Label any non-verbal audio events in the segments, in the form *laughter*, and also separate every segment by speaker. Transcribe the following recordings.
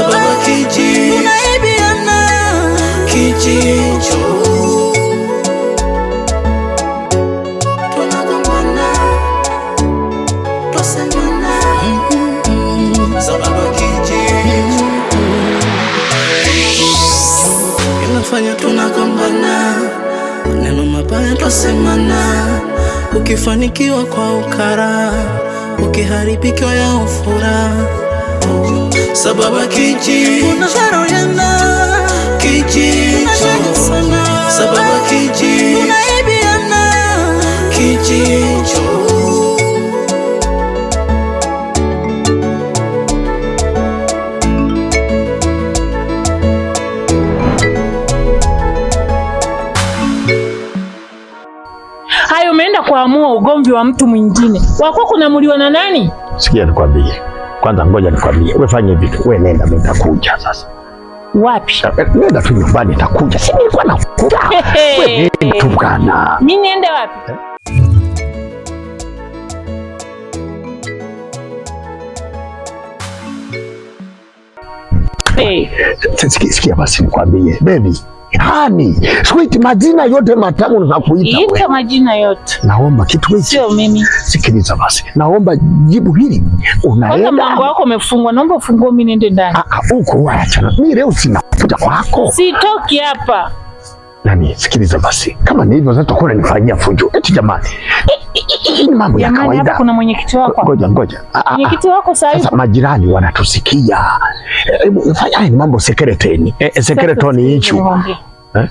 Speaker 1: sababu kiji kijicho fanya tunagombana, neno mabaya twasemana, ukifanikiwa kwa ukara, ukiharibikiwa ya ufura Sababa kichi Sababa kijicho
Speaker 2: Hayo umeenda kuamua ugomvi wa mtu mwingine wako kunamuliwa na nani?
Speaker 3: Sikia nikwambie kwanza ngoja nikwambie, wewe fanye vitu, wewe nenda, mimi nitakuja sasa. Wapi? Eh, nenda tu nyumbani, nitakuja. Si nilikuwa nakuja. Wewe nenda tu bwana.
Speaker 2: Mimi niende wapi? Eh?
Speaker 3: Sikia basi nikwambie, baby sahani sikuiti majina yote matamu na kuita wewe,
Speaker 2: Ita majina yote.
Speaker 3: Naomba kitu hiki,
Speaker 2: sio mimi.
Speaker 3: Sikiliza basi, naomba jibu hili.
Speaker 2: Unaenda mlango wako umefungwa, naomba ufungue, mimi niende ndani.
Speaker 3: Ah, ah uko wacha mimi leo sina kuja kwako,
Speaker 2: sitoki hapa.
Speaker 3: Nani, sikiliza basi, kama ni hivyo sasa tutakuwa nifanyia fujo eti. Jamani, ni mambo ya kawaida.
Speaker 2: Kuna mwenyekiti wako, ngoja ngoja, ah, ah, mwenyekiti wako sasa,
Speaker 3: majirani wanatusikia. Eh, hebu fanya ni mambo secretary, eh, secretary hicho Eh?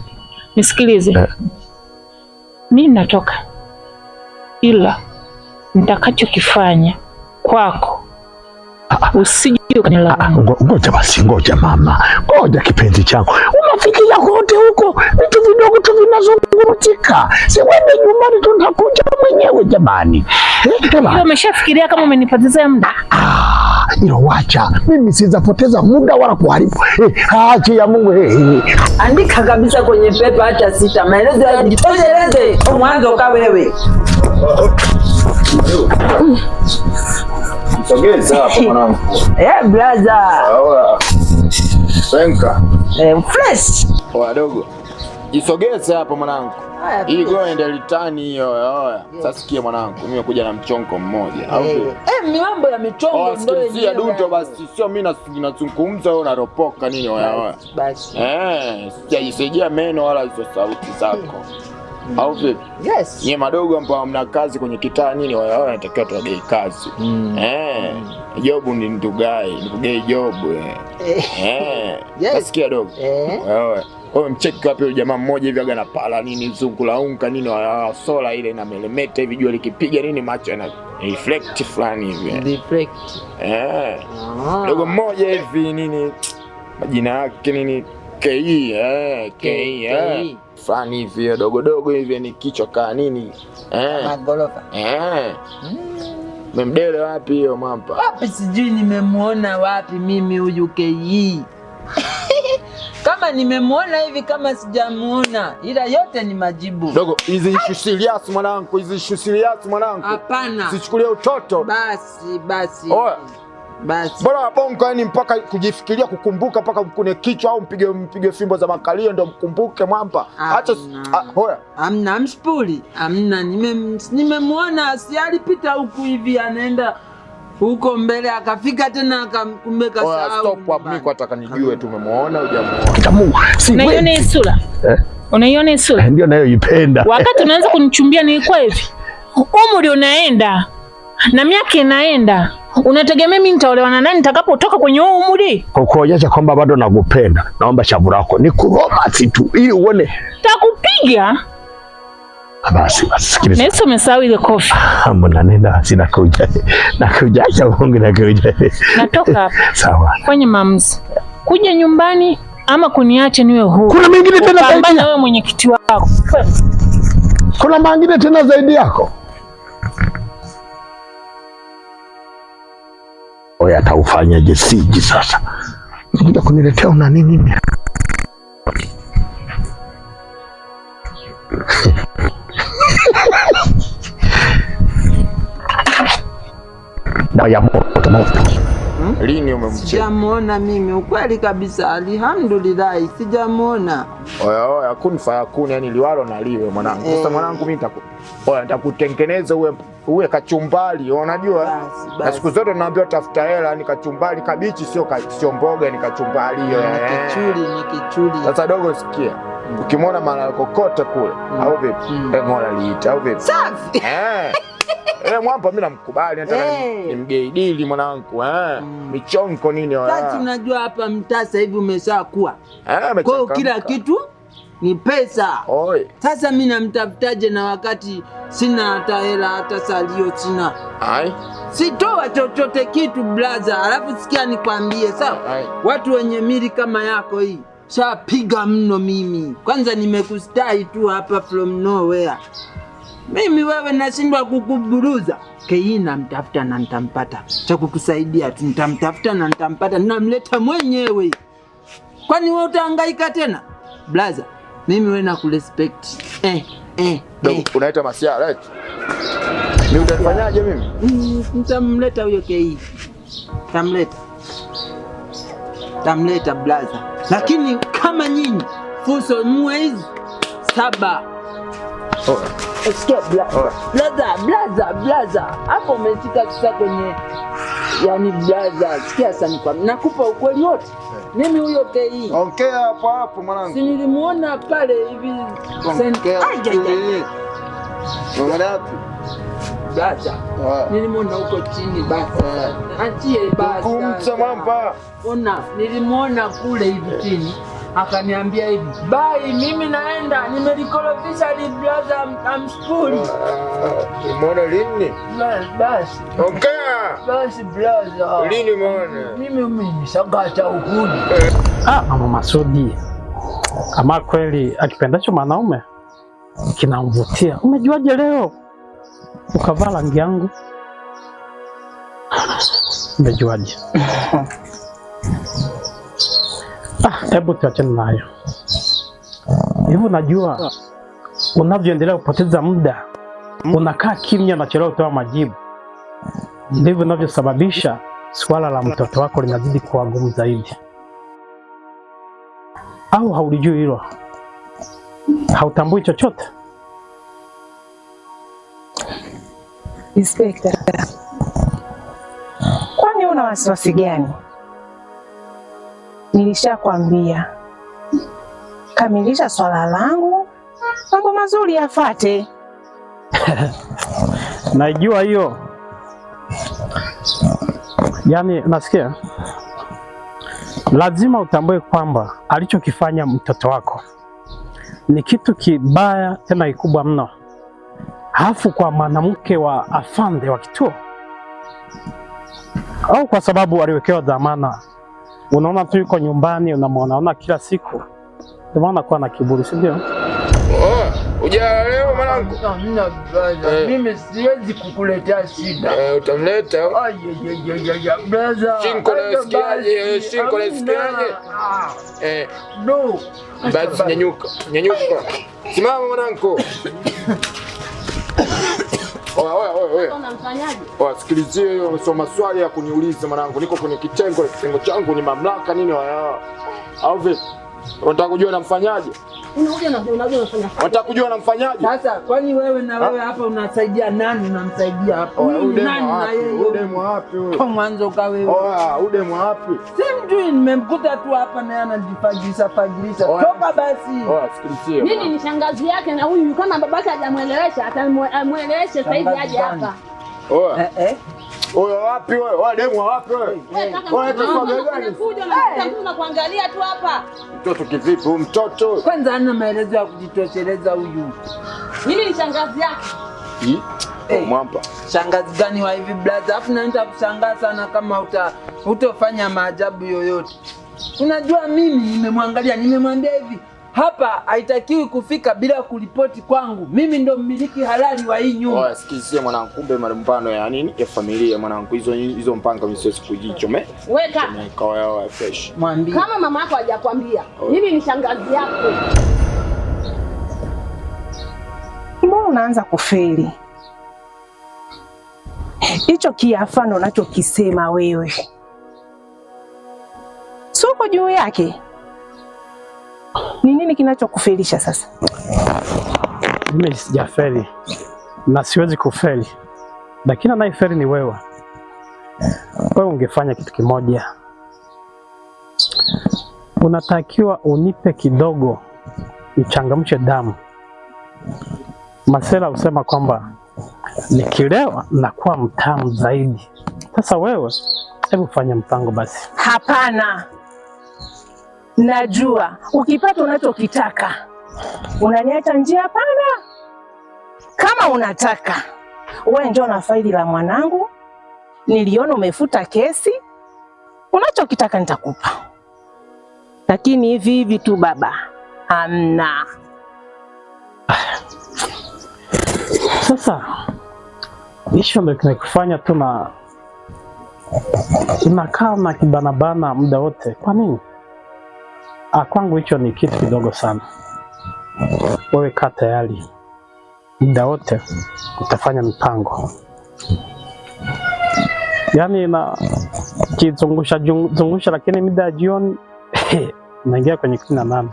Speaker 2: Nisikilize eh. Mimi natoka, ila nitakachokifanya kwako ah, ah. usije
Speaker 3: ah, Ngoja basi, ngoja mama, ngoja kipenzi changu. Unafikiria kote huko vitu vidogo tu vinazungurutika, siwende nyumbani, tunakuja mwenyewe eh, jamani.
Speaker 2: Umeshafikiria kama umenipotezea muda?
Speaker 3: hilo wacha, mimi sizapoteza muda wala kuharibu haki eh, ya Mungu eh, eh,
Speaker 2: Andika kabisa kwenye pepa, acha sita maelezo yajitosheleze oh, mwanzo ka wewe
Speaker 4: Wadogo, jisogeze hapo mwanangu. Hii go ende litani hiyo. Oya, sasa sikia mwanangu, mimi na mchonko mmoja. Au eh.
Speaker 2: eh, milambo ya michongo oh,
Speaker 4: ndio Sikia duto basi, sio mimi nazungumza wewe unaropoka nini? Oya, oya. Basi. Eh, sijaisaidia meno wala hizo sauti zako. Hmm. Au vipi? Yes. Nye madogo ambao mna kazi kwenye kitaa nini, oya, oya, natakiwa tuwagei kazi. Hmm. Eh, hmm. Jobu ni ndugai, ndugai Jobu. Eh. eh. eh. *laughs* Nasikia dogo. Eh. Oya, oya. Wewe mcheki wapi jamaa mmoja hivi agana pala nini zungu la zungulaunga nini wa sola ile na melemeta hivi jua likipiga nini macho yana reflect fulani hivi.
Speaker 2: Reflect.
Speaker 4: Eh. Ah. Dogo mmoja hivi nini majina yake nini KE eh KE e. eh fulani hivi dogo dogo hivi ni kichwa ka nini
Speaker 2: eh magorofa
Speaker 4: eh hmm. memdele wapi hiyo mampa
Speaker 2: wapi sijui nimemuona wapi mimi huyu KE. *laughs* kama nimemwona hivi kama sijamuona, ila yote ni majibu.
Speaker 4: Dogo, hizi issue serious mwanangu, hizi issue serious mwanangu.
Speaker 2: Hapana,
Speaker 4: sichukulie utoto.
Speaker 2: Basi basi,
Speaker 4: Oe. basi, bora wabongo yani mpaka kujifikiria kukumbuka mpaka kune kichwa au mpige mpige fimbo za makalio ndio mkumbuke mwamba. Acha hoya.
Speaker 2: amna mshpuli, amna. Nimemwona, si alipita huku hivi anaenda huko mbele akafika tena akamkumbe kasahau.
Speaker 4: Mimi nataka nijue tumemwona
Speaker 3: hujamuona.
Speaker 2: Sura eh? unaiona sura
Speaker 3: eh, ndio nayoipenda.
Speaker 2: Wakati unaanza kunichumbia nilikuwa hivi, umri unaenda na miaka inaenda, unategemea mimi nitaolewa na nani nitakapotoka kwenye huu umri?
Speaker 3: Kwa kwamba bado nakupenda, naomba shavu lako nikuromasi tu ili uone
Speaker 2: takupiga basi basi, sikiliza. ile kofi.
Speaker 3: Ah, nenda Nakuja acha nakuja. Natoka hapa. Sawa.
Speaker 2: Fanye maamuzi. Kuja nyumbani ama kuniache niwe huru.
Speaker 3: Kuna mengine tena zaidi yako.
Speaker 2: Wewe mwenyekiti wako.
Speaker 3: Kuna mengine tena zaidi yako. Oya, ataufanya jesiji sasa. kuja kuniletea una nini ya moto moto.
Speaker 4: Hmm? Lini umemcheka?
Speaker 2: Sijamuona mimi, ukweli kabisa, alhamdulillah sijamuona.
Speaker 4: Oya oya, kun fayakun, yani liwalo na liwe mwanangu. Sasa hey, eh. mwanangu mimi nitaku oya, nitakutengeneza uwe uwe kachumbali, unajua na siku zote naambiwa tafuta hela, ni kachumbali kabichi, sio sio mboga, ni kachumbali hiyo. Eh.
Speaker 2: Kichuli ni kichuli.
Speaker 4: Sasa dogo, sikia hmm. ukimwona mara kokote kule hmm. au vipi? Ngola eh, liita au vipi? Safi. Eh. *laughs* Eh, Mwampa mimi namkubali eh. mgei dili mwanangu eh. Mm. Michonko nini wala.
Speaker 2: Eh. Sasa unajua hapa mtaa sasa hivi umeshakuwa. Eh, kwa hiyo kila kitu ni pesa. Oi. Sasa mimi namtafutaje na wakati sina hata hela hata salio sina. Ai. Sitoa chochote kitu blaza. Alafu sikia nikwambie sawa. Watu wenye mili kama yako hii shapiga mno mimi. Kwanza nimekustahi tu hapa from nowhere. Mimi wewe nashindwa kukuburuza. Kei namtafuta na ntampata cha kukusaidia tu nitamtafuta na nitampata, namleta mwenyewe. Kwani wewe utahangaika tena blaza? Mimi wewe nakurespect eh, eh,
Speaker 4: eh. Unaita masia right? Mimi utafanyaje mimi?
Speaker 2: Mm, nitamleta huyo Kei, tamleta tamleta blaza, lakini kama nyinyi fuso mwezi saba oh. Sikia blaza, blaza, blaza, hapo umetika tusa kwenye yani blaza. Sikia sani kwa nakupa ukweli wote, eh. mimi huyo kei.
Speaker 4: ongea hapo hapo mwanangu,
Speaker 2: si nilimuona pale hivi hapo. E. blaza, ah. nilimuona huko chini basi, achie basi
Speaker 4: kumcha mamba,
Speaker 2: ona nilimuona kule hivi chini akaniambia hivi, bai, mimi naenda, nimelikorofisha libraza amskuli.
Speaker 4: Ah, umeona lini? Basi ongea
Speaker 2: basi, braza,
Speaker 4: lini umeona?
Speaker 2: Mimi mimi sagata ukuni.
Speaker 5: Ah, mama Masudi, kama kweli akipendacho mwanaume kinamvutia. Umejuaje leo ukavaa rangi yangu? Umejuaje? *laughs* Hebu ah, tuachane nayo hivi. Najua unavyoendelea kupoteza muda, unakaa kimya, unachelewa kutoa majibu, ndivyo unavyosababisha suala la mtoto wako linazidi kuwa gumu zaidi. Au haulijui hilo? Hautambui chochote?
Speaker 6: Inspekta, kwani una wasiwasi gani? Nilishakwambia kamilisha swala langu, mambo mazuri yafate. *laughs*
Speaker 5: Najua hiyo. Yaani, nasikia lazima utambue kwamba alichokifanya mtoto wako ni kitu kibaya tena kikubwa mno, halafu kwa mwanamke wa afande wa kituo, au kwa sababu aliwekewa dhamana unaona tu yuko nyumbani, unamwona kila siku, ndio maana anakuwa na kiburi, si ndio?
Speaker 4: Oh, Ujalelewa mwanangu,
Speaker 2: eh. mimi siwezi kukuletea shida.
Speaker 4: Eh, utamleta shingo, nasikiaje? Eh, shingo, nasikiaje? Basi nyanyuka, nyanyuka, simama mwanangu. *laughs* Wasikilizie hiyo, sio maswali ya kuniuliza mwanangu, niko kwenye kitengo, kitengo changu ni mamlaka nini, au vipi? Unataka kujua namfanyaje?
Speaker 6: Unakuja na unafanya.
Speaker 4: Unataka kujua namfanyaje?
Speaker 2: Sasa kwani wewe na wewe hapa unasaidia nani? Unamsaidia hapa. Ude mwa
Speaker 4: ude mwa wapi wewe?
Speaker 2: Kwa mwanzo ka wewe.
Speaker 4: Oh, ude wapi?
Speaker 2: Si mjui nimemkuta tu hapa naye anajifagilisha fagilisha. Toka basi.
Speaker 4: Oh, sikilizie.
Speaker 6: Mimi ni shangazi yake na huyu kama babake hajamuelewesha atamuelewesha sasa hivi aje hapa.
Speaker 4: Oh. Eh eh. Wewe wapi wewe? Wewe demu wapi wewe?
Speaker 6: Wewe tufaga gani? Unakuja na kuna kuangalia tu hapa.
Speaker 4: Mtoto kivipi huyu mtoto?
Speaker 2: Kwanza ana maelezo ya kujitosheleza huyu.
Speaker 6: Mimi ni shangazi yake.
Speaker 4: Hey, oh, mwampa
Speaker 2: shangazi gani wa hivi brother? Alafu naenda kushangaa sana kama uta utofanya maajabu yoyote. Unajua mimi nimemwangalia, nimemwambia hivi hapa haitakiwi kufika bila kulipoti kwangu. Mimi ndo mmiliki halali wa hii nyumba.
Speaker 4: sikizie mwanangu, kumbe malumbano ya nini ya familia mwanangu, hizo hizo mpanga mimi siwezi kujichome. Weka kawa fresh,
Speaker 6: mwambie kama mama yako hajakwambia mimi ni shangazi yako. Mbona unaanza kufeli? Hicho kiafano unachokisema wewe, soko juu yake ni nini kinachokufelisha sasa?
Speaker 5: Mimi sijafeli na siwezi kufeli, lakini anayefeli ni wewe. Wewe ungefanya kitu kimoja, unatakiwa unipe kidogo nichangamshe damu. Masela husema kwamba nikilewa nakuwa mtamu zaidi. Sasa wewe, hebu fanya mpango basi.
Speaker 6: Hapana najua ukipata unachokitaka unaniacha njia pana. Kama unataka wewe, njoo na faili la mwanangu, niliona umefuta kesi. Unachokitaka nitakupa, lakini hivi hivi tu baba, hamna.
Speaker 5: Sasa ishu ndio kinakufanya tu na inakaa na kibanabana muda wote, kwa nini? Ah, kwangu hicho ni kitu kidogo sana. Wewe kaa tayari, muda wote utafanya mipango, yaani na kizungusha zungusha, lakini mida ya jioni *laughs* naingia kwenye kumi na nane.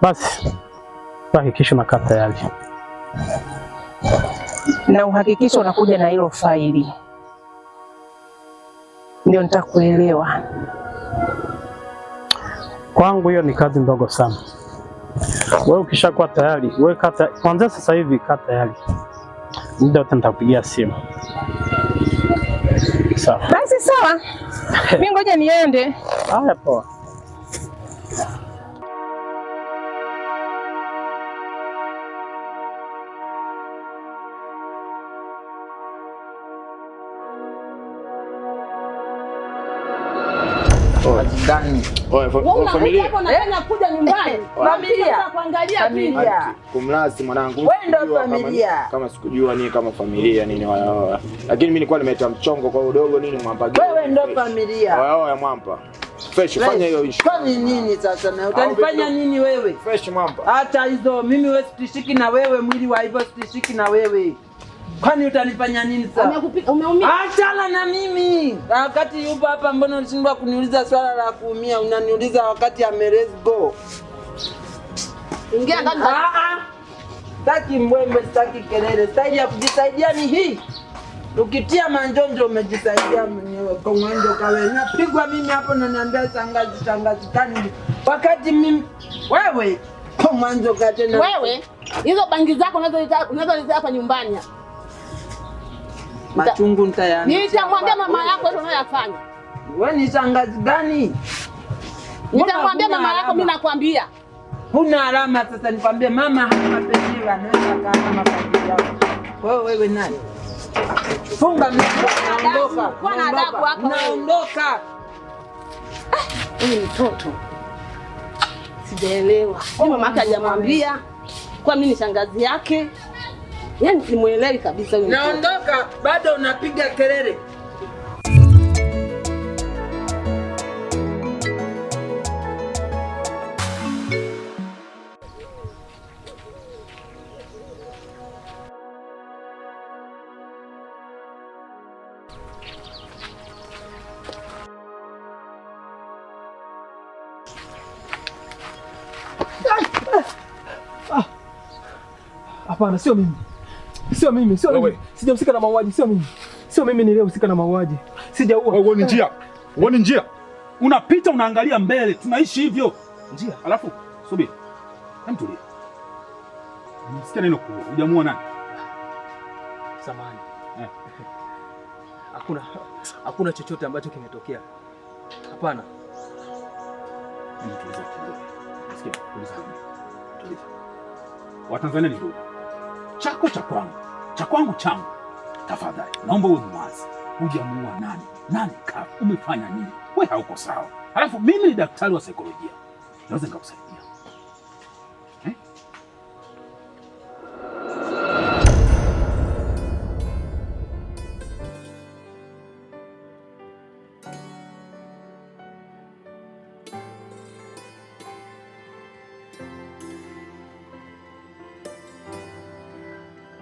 Speaker 5: Basi hakikisha nakaa tayari
Speaker 6: na uhakikisho unakuja na hilo faili, ndio nitakuelewa.
Speaker 5: Kwangu hiyo ni kazi ndogo sana. Wewe ukishakuwa tayari, wewe kata kwanza, sasa hivi kaa tayari, muda wote nitakupigia simu. Sawa basi,
Speaker 6: sawa. Mimi *laughs* ngoja niende.
Speaker 5: Haya, poa.
Speaker 4: Eh? kumlazi mwanangu kama sikujua nini kama familia nini, lakini mimi nilikuwa nimeita mchongo kwa udogo nini mwampa.
Speaker 6: Wewe ndo familia
Speaker 4: ya mwampa. Fresh, fanya hiyo issue.
Speaker 2: Kwani nini sasa na utanifanya nini wewe? Fresh mwamba. Hata hizo mimi wewe sitishiki na wewe, mwili wa hivyo sitishiki na wewe. Kwani utanifanya nini sasa?
Speaker 6: Amekupika, umeumia.
Speaker 2: Achana na mimi. Wakati yupo hapa, mbona unashindwa kuniuliza swala la kuumia? Unaniuliza wakati go. Ingia ndani. Ah ah. Sitaki mbwembwe, sitaki kelele. Staili ya kujisaidia ni hii. Ukitia manjonjo umejisaidia mwenyewe kwa mwanzo kawe. Napigwa mimi hapo na niambia tangazi tangazi tani. Wakati mimi wewe kwa mwanzo katena.
Speaker 6: Wewe hizo bangi zako unazoileta hapa nyumbani.
Speaker 5: Machungu nitayanisha.
Speaker 6: Nitamwambia mama yako hiyo unayofanya.
Speaker 2: Wewe ni shangazi gani?
Speaker 6: Nitamwambia mama yako mimi nakwambia.
Speaker 2: Huna alama sasa nikwambie mama hana mapenzi anaweza kama mapenzi yako. Wewe wewe nani? Funga mlango naondoka.
Speaker 6: Kwa na adabu hapo
Speaker 2: naondoka.
Speaker 6: Huyu ah, mtoto. Sijaelewa. Mama yake hajamwambia kwa mimi ni shangazi yake yani simuelewi kabisa huyu.
Speaker 2: Naondoka bado unapiga kelele.
Speaker 5: Hapana, sio mimi. Sio mimi, sio mimi. Sijahusika na mauaji, sio mimi. Sio mimi niliyehusika na mauaji. Sijaua.
Speaker 7: Wewe ni njia. Wewe eh. ni njia. Unapita unaangalia mbele. Tunaishi hivyo. Njia. Alafu subiri. Hem, tulia. Sikia neno kubwa. Hujamua nani?
Speaker 5: Samani. Eh. *laughs* Hakuna hakuna chochote ambacho kimetokea. Hapana.
Speaker 7: Mtuliza kidogo. Sikia, Watanzania ni ndugu chako cha kwangu, cha kwangu changu. Tafadhali naomba uwe mwazi, hujamuua nani nani, kafu umefanya nini? We hauko sawa. Halafu mimi ni daktari wa saikolojia, naweza nikakusaidia.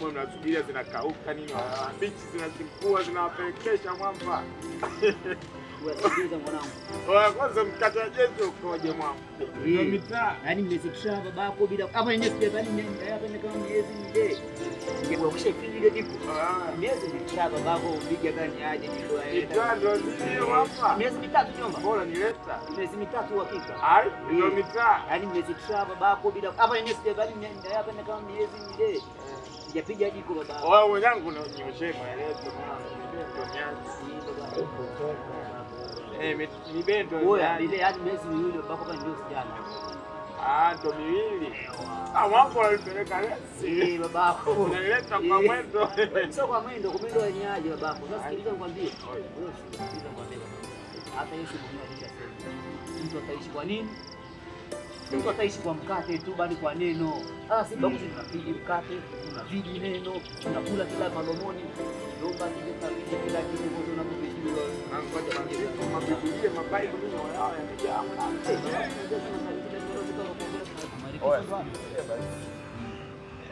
Speaker 4: mwa mnasubiria zinakauka nini, bichi zinazikua zinawapelekesha mwamba. *laughs* Kwanza mkate wa ukoje mwamba? Mitaa
Speaker 7: yaani babako bila hapa nje sijadhani nenda kama miezi ile. Ukisha kiji ile dipo. Miezi mitatu babako upiga gani aje ndio
Speaker 4: aenda. Mitatu ndio hapa.
Speaker 7: Miezi mitatu nyumba.
Speaker 4: Bora nileta.
Speaker 7: Miezi mitatu hakika.
Speaker 4: Ai, ndio mitaa.
Speaker 7: Yaani mmezikisha babako bila hapa nje sijadhani nenda hapa kama miezi ile. Sijapiga hadi kwa baba.
Speaker 4: Wao wenzangu na nyoshe maelezo ni eh, bento.
Speaker 7: Wewe ile hadi miezi miwili baba kwa ndio sijana.
Speaker 4: Ah, ndo miwili. Ah, wapo walipeleka
Speaker 7: lesi. Eh, babako.
Speaker 4: Unaleta kwa eh. mwendo.
Speaker 7: Sio kwa mwendo, kumendo wenyeaje babako. Sasa sikiliza nikwambie. Wewe sikiliza nikwambie. Hata Yesu mwenyewe alisema. Mtu ataishi kwa nini? Mtu ataishi kwa mkate tu bali kwa neno. Ah, si babu mm. tunapigi mkate, tunaviji neno, tunakula kila madomoni. Ndio basi tunapigi kila kitu kwa tunapopishia ndio.
Speaker 4: Tunapata mabibilia mabai kwa nini wao yamejaa mkate. basi.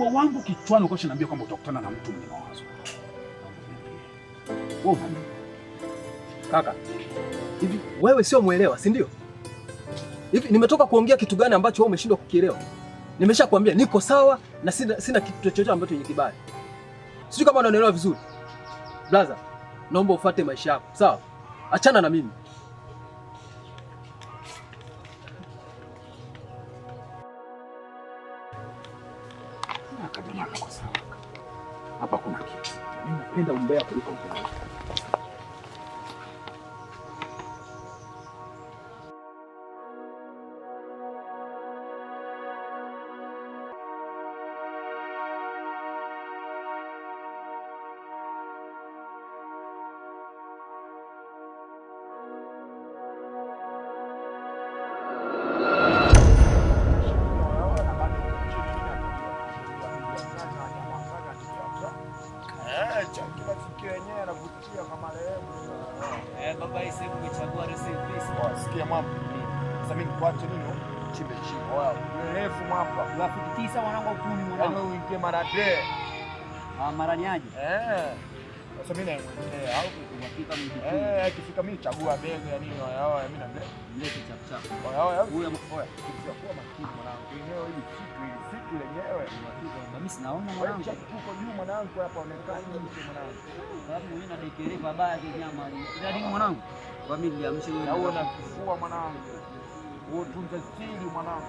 Speaker 7: mkubwa wangu kichwani ukosha niambia kwamba utakutana na mtu mwenye mawazo. Wewe
Speaker 5: kaka, hivi wewe sio mwelewa, si ndio? Hivi nimetoka kuongea kitu gani ambacho wewe umeshindwa kukielewa? Nimeshakwambia niko sawa na sina, sina kitu chochote ambacho ni kibali. Sijui kama unaelewa vizuri. Brother, naomba ufuate maisha yako, sawa? Achana na mimi.
Speaker 7: 不要。
Speaker 4: muziki wenyewe yanavutia kwa marehemu.
Speaker 7: Eh, baba hii sehemu kuchagua recipe.
Speaker 4: Oh, sikia mwamba. Sasa mimi nikuache nini? Chimbe chimbo. Wao. Refu mwamba.
Speaker 7: Rafiki tisa mwanangu kumi mwanangu.
Speaker 4: Yaani wewe uingie mara de.
Speaker 7: Ah, mara niaje?
Speaker 4: Eh. Sasa mimi naemwendea
Speaker 7: eh, au ukifika mimi
Speaker 4: eh, ikifika mimi chagua bega ya nini haya mimi na
Speaker 7: mlete chap chap.
Speaker 4: Haya haya huyu oya, kifika kuwa makini mwanangu. Yenyewe hili kitu hili kitu lenyewe unapika
Speaker 7: na mimi sinaona mwanangu.
Speaker 4: Chap huko juu mwanangu hapa amekaa nje mwanangu.
Speaker 7: Sababu mimi na dekere babaya ya nyama Ndio mwanangu. Kwa mimi niliamsha wewe. Na
Speaker 4: wewe mwanangu. Wewe tunza siri mwanangu.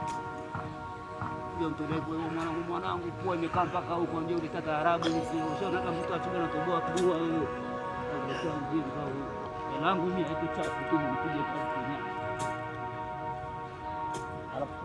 Speaker 7: kuja utolewe mwanangu, mwanangu, kwa imekaa mpaka huko, ndio ulitaka arabu usionaka mtu atume na kuboa toboa pua huyo kwa huyo. Elangu mimi hakichafu tu mpige kwa kinyama alafu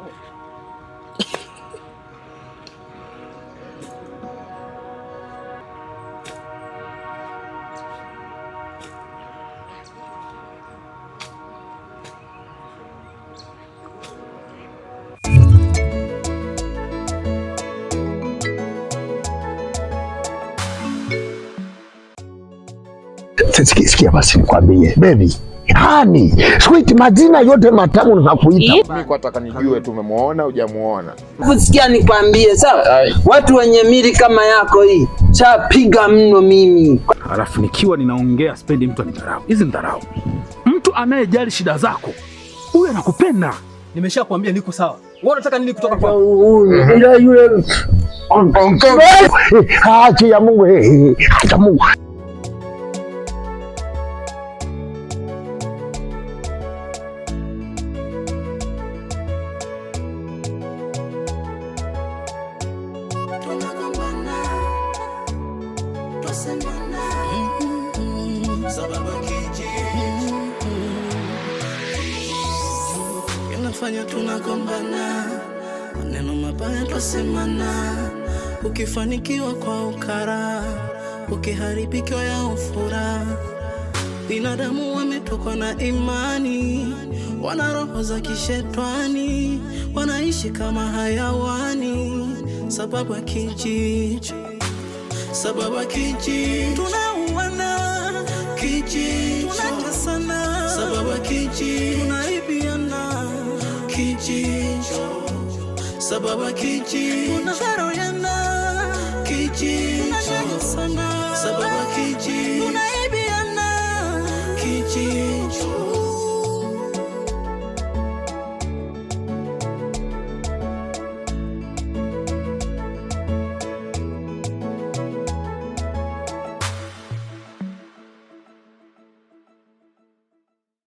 Speaker 3: sikia, basi nikwambie bebi Yani, sweet majina yote matamu nakuita.
Speaker 4: Mimi kwa taka nijue tumemuona hujamuona.
Speaker 2: Kusikia nikwambie sawa? Watu wenye mili kama yako hii chapiga mno mimi.
Speaker 5: Alafu nikiwa ninaongea spendi mtu anidharau. Hizi ni dharau. Mtu anayejali shida zako huyo anakupenda. Nimeshakwambia niko sawa. Wewe unataka nini kutoka
Speaker 3: kwa yule? Acha ya Mungu. Acha Mungu. kishetwani, wanaishi kama hayawani, sababu ya kijiji, sababu ya kijiji, tunauana kijiji, tunatesana sababu ya kijiji, tunaibiana kijiji, sababu ya kijiji, tunadharauliana kijiji